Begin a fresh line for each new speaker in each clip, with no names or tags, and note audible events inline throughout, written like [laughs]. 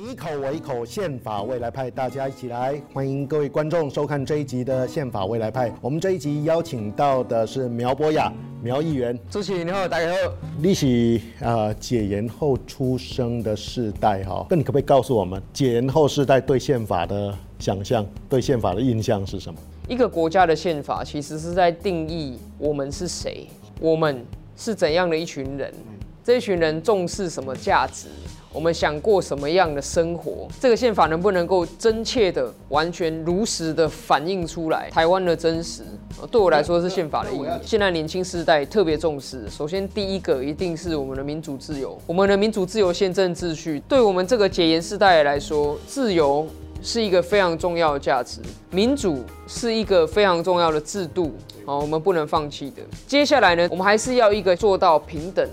以口為一口，憲法未來派，大家一起來歡迎各位觀眾收看這一集的憲法未來派。我們這一集邀請到的是苗博雅苗議員，主席你好，大家好。你是呃解嚴後出生的世代哈、哦，那你可不可以告訴我們解嚴後世代對憲法的想象、對憲法的印象是什麼？
一個國家的憲法其實是在定義我們是誰，我們是怎樣的一群人，這一群人重視什麼價值。我們想過什麼樣的生活？這個憲法能不能夠真切的、完全如實的反映出來台灣的真實？對我來說是憲法的意義。現在年輕世代特別重視。首先，第一個一定是我們的民主自由，我們的民主自由憲政秩序，對我們這個解嚴世代來說，自由是一個非常重要的價值，民主是一個非常重要的制度，哦，我們不能放棄的。接下來呢，我們還是要一個做到平等，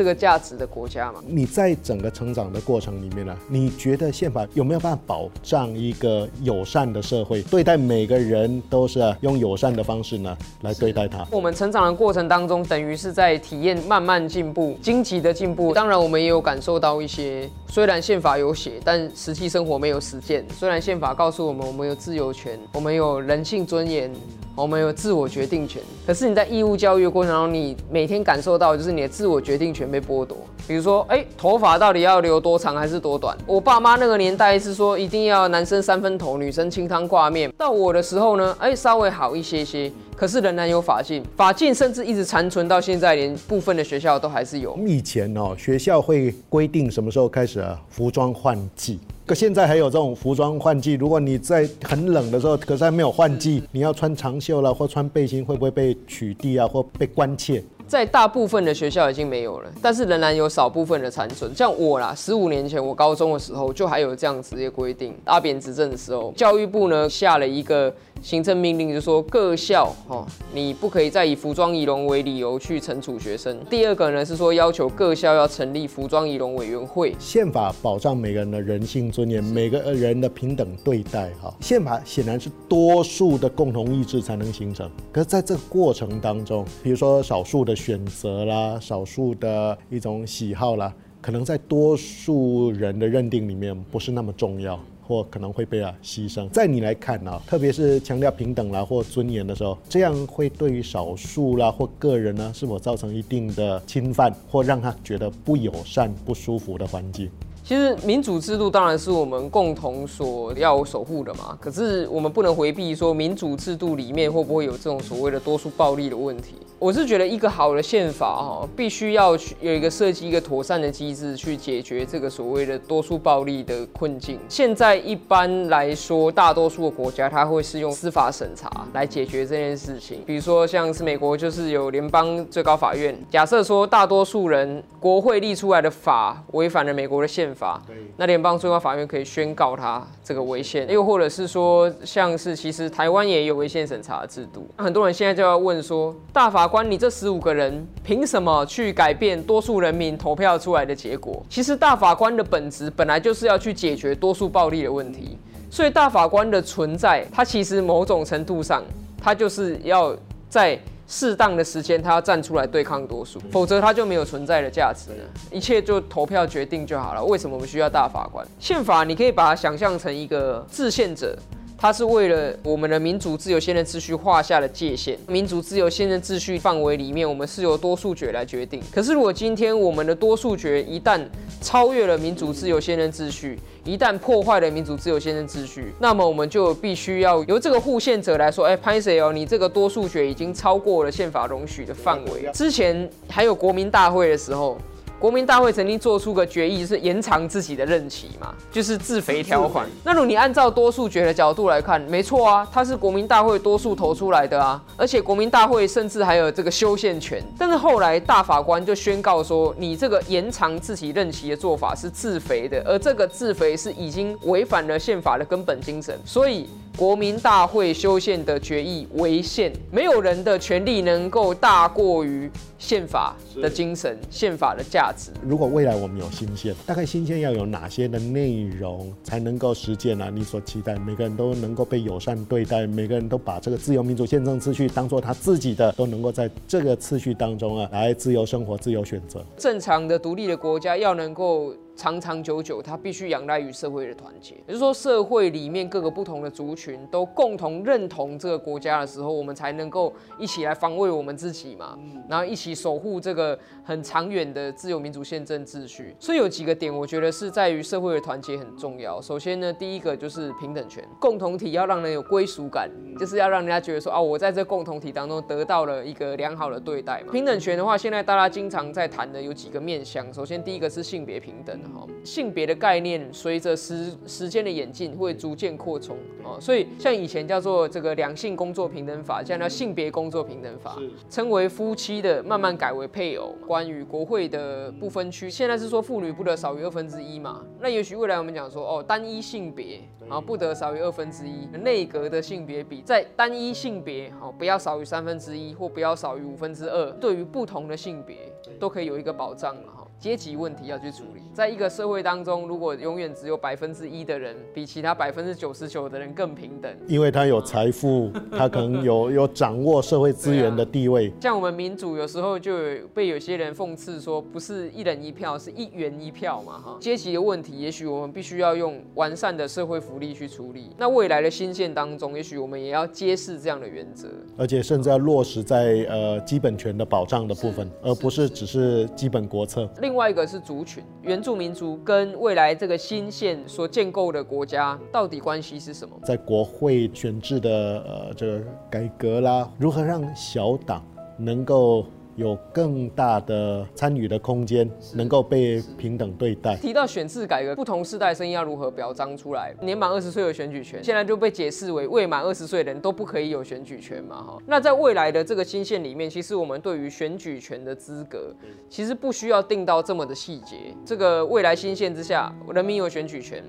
這個價值的國家嘛？
你在整個成長的過程裡面呢、啊？你覺得憲法有沒有辦法保障一個友善的社會？對待每個人都是、啊、用友善的方式呢來對待他？
我們成長的過程當中，等於是在體驗慢慢進步、經濟的進步。當然，我們也有感受到一些，雖然憲法有寫，但實際生活沒有實踐。雖然憲法告訴我們，我們有自由權，我們有人性尊嚴，我們有自我決定權。可是你在義務教育的過程當中，你每天感受到就是你的自我決定權被剝奪，比如說，哎、欸，頭髮到底要留多長還是多短？我爸媽那個年代是說，一定要男生三分頭，女生清湯掛面。到我的時候呢，哎、欸，稍微好一些些，可是仍然有髮禁，髮禁甚至一直殘存到現在，連部分的學校都還是有。
以前哦，學校會規定什麼時候開始、啊、服裝換季，可現在還有這種服裝換季。如果你在很冷的時候，可是還沒有換季、嗯，你要穿長袖了或穿背心，會不會被取締啊或被關切？
在大部分的學校已經沒有了，但是仍然有少部分的殘存。像我啦，十五年前我高中的時候就還有這樣子的規定。大扁執政的時候，教育部呢下了一個。行政命令就是說各校哈，你不可以再以服裝儀容為理由去懲處學生。第二個呢是說要求各校要成立服裝儀容委員
會。憲法保障每個人的人性尊嚴，每個人的平等對待哈。憲法顯然是多數的共同意志才能形成，可是在這個過程當中，比如說少數的選擇啦，少數的一種喜好啦，可能在多數人的認定裡面不是那麼重要。或可能會被啊犧牲，在你來看呢，特別是強調平等啦或尊嚴的時候，這樣會對於少數啦或個人呢，是否造成一定的侵犯或讓他覺得不友善、不舒服的環境？
其實民主制度當然是我們共同所要守護的嘛，可是我們不能回避說民主制度裡面會不會有這種所謂的多數暴力的問題。我是覺得一個好的憲法哈，必須要去有一個設計一個妥善的機制去解決這個所謂的多數暴力的困境。現在一般來說，大多數的國家它會是用司法審查來解決這件事情，比如說像是美國就是有聯邦最高法院。假設說大多數人國會立出來的法違反了美國的憲法。法，對，那聯邦最高法院可以宣告他這個違憲，又或者是說，像是其實台灣也有違憲審查的制度。那很多人現在就要問說，大法官你這十五個人憑什麼去改變多數人民投票出來的結果？其實大法官的本質本來就是要去解決多數暴力的問題，所以大法官的存在，他其實某種程度上，他就是要在。適當的時間，他要站出來對抗多數，否則他就沒有存在的價值呢。一切就投票決定就好了。為什麼我們需要大法官？憲法你可以把它想象成一個制憲者。它是為了我們的民主、自由、憲政秩序劃下了界限。民主、自由、憲政秩序範圍裡面，我們是由多數決來決定。可是，如果今天我們的多數決一旦超越了民主、自由、憲政秩序，一旦破壞了民主、自由、憲政秩序，那麼我們就必須要由這個護憲者來說：“哎，不好意思喔，你這個多數決已經超過了憲法容許的範圍。”之前還有國民大會的時候。國民大會曾經做出個決議，是延長自己的任期嘛，就是自肥條款。那如果你按照多數決的角度來看，沒錯啊，它是國民大會多數投出來的啊，而且國民大會甚至還有這個修憲權。但是後來大法官就宣告說，你這個延長自己任期的做法是自肥的，而這個自肥是已經違反了憲法的根本精神，所以。國民大會修憲的決議違憲，沒有人的權利能夠大過於憲法的精神、憲法的價值。
如果未來我們有新憲，大概新憲要有哪些的內容才能夠實踐呢、啊？你所期待，每個人都能夠被友善對待，每個人都把這個自由民主憲政秩序當做他自己的，都能夠在這個秩序當中啊，來自由生活、自由選擇。
正常的獨立的國家要能夠。長長久久，它必須仰賴於社會的團結。也就是說，社會裡面各個不同的族群都共同認同這個國家的時候，我們才能夠一起來防衛我們自己嘛。然後一起守護這個很長遠的自由民主憲政秩序。所以有幾個點，我覺得是在於社會的團結很重要。首先呢，第一個就是平等權，共同體要讓人有歸屬感，就是要讓人家覺得說，哦，我在這共同體當中得到了一個良好的對待嘛。平等權的話，現在大家經常在談的有幾個面向。首先，第一個是性別平等。性別的概念隨着時時間的演進會逐漸擴充哦，所以像以前叫做這個兩性工作平等法，現在叫做性別工作平等法，稱為夫妻的慢慢改為配偶。關於國會的不分區，現在是說婦女不得少於二分之一嘛，那也許未來我們講說哦，單一性別啊、哦、不得少於二分之一，內閣的性別比在單一性別好、哦、不要少於三分之一或不要少於五分之二，對於不同的性別都可以有一個保障了哈。階級問題要去處理，在一個社會當中，如果永遠只有百分之一的人比其他百分之九十九的人更平等，
因為他有財富，他可能有 [laughs] 有掌握社會資源的地位。
啊。像我們民主有時候就有被有些人諷刺說，不是一人一票，是一元一票嘛，哈。階級的問題，也許我們必須要用完善的社會福利去處理。那未來的新憲當中，也許我們也要揭示這樣的原則，
而且甚至要落實在呃基本權的保障的部分，而不是只是基本國策。
另外一個是族群，原住民族跟未來這個新憲所建構的國家到底關係是什麼？
在國會選制的，呃，這個改革啦，如何讓小黨能夠？有更大的參與的空間，能夠被平等對待。提
到選制改革，不同世代聲音要如何表彰出來？年滿二十歲有選舉權，現在就被解釋為未滿二十歲人都不可以有選舉權嘛？哈，那在未來的這個新憲裡面，其實我們對於選舉權的資格，其實不需要定到這麼的細節。這個未來新憲之下，人民有選舉權。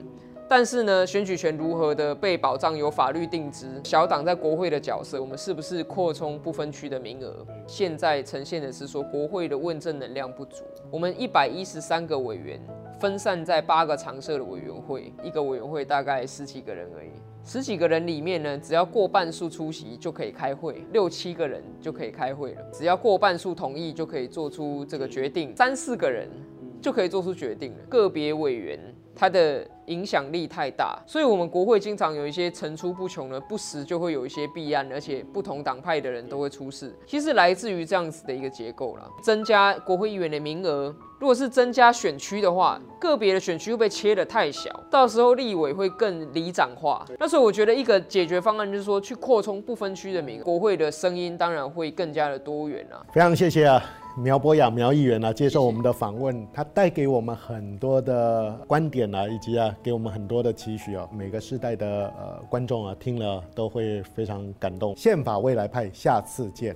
但是呢，選舉權如何的被保障，由法律定值。小黨在國會的角色，我們是不是擴充不分區的名額？現在呈現的是說，國會的問政能量不足。我們一百一十三個委員分散在八個常設的委員會，一個委員會大概十幾個人而已。十幾個人裡面呢，只要過半數出席就可以開會，六七個人就可以開會了。只要過半數同意就可以做出這個決定，三四個人就可以做出決定了。個別委員他的影響力太大，所以我們國會經常有一些層出不窮的，不時就會有一些弊案，而且不同黨派的人都會出事，其實來自於這樣子的一個結構啦。增加國會議員的名額，如果是增加選區的話，個別的選區又被切得太小，到時候立委會更里長化。那所以我覺得一個解決方案就是說，去擴充不分區的名額，國會的聲音當然會更加的多元啊。
非常謝謝啊。苗博雅、苗議員啊，接受我們的訪問，他帶給我們很多的觀點啊，以及啊，給我們很多的期許啊、哦。每個世代的呃觀眾啊，聽了都會非常感動。憲法未來派，下次見。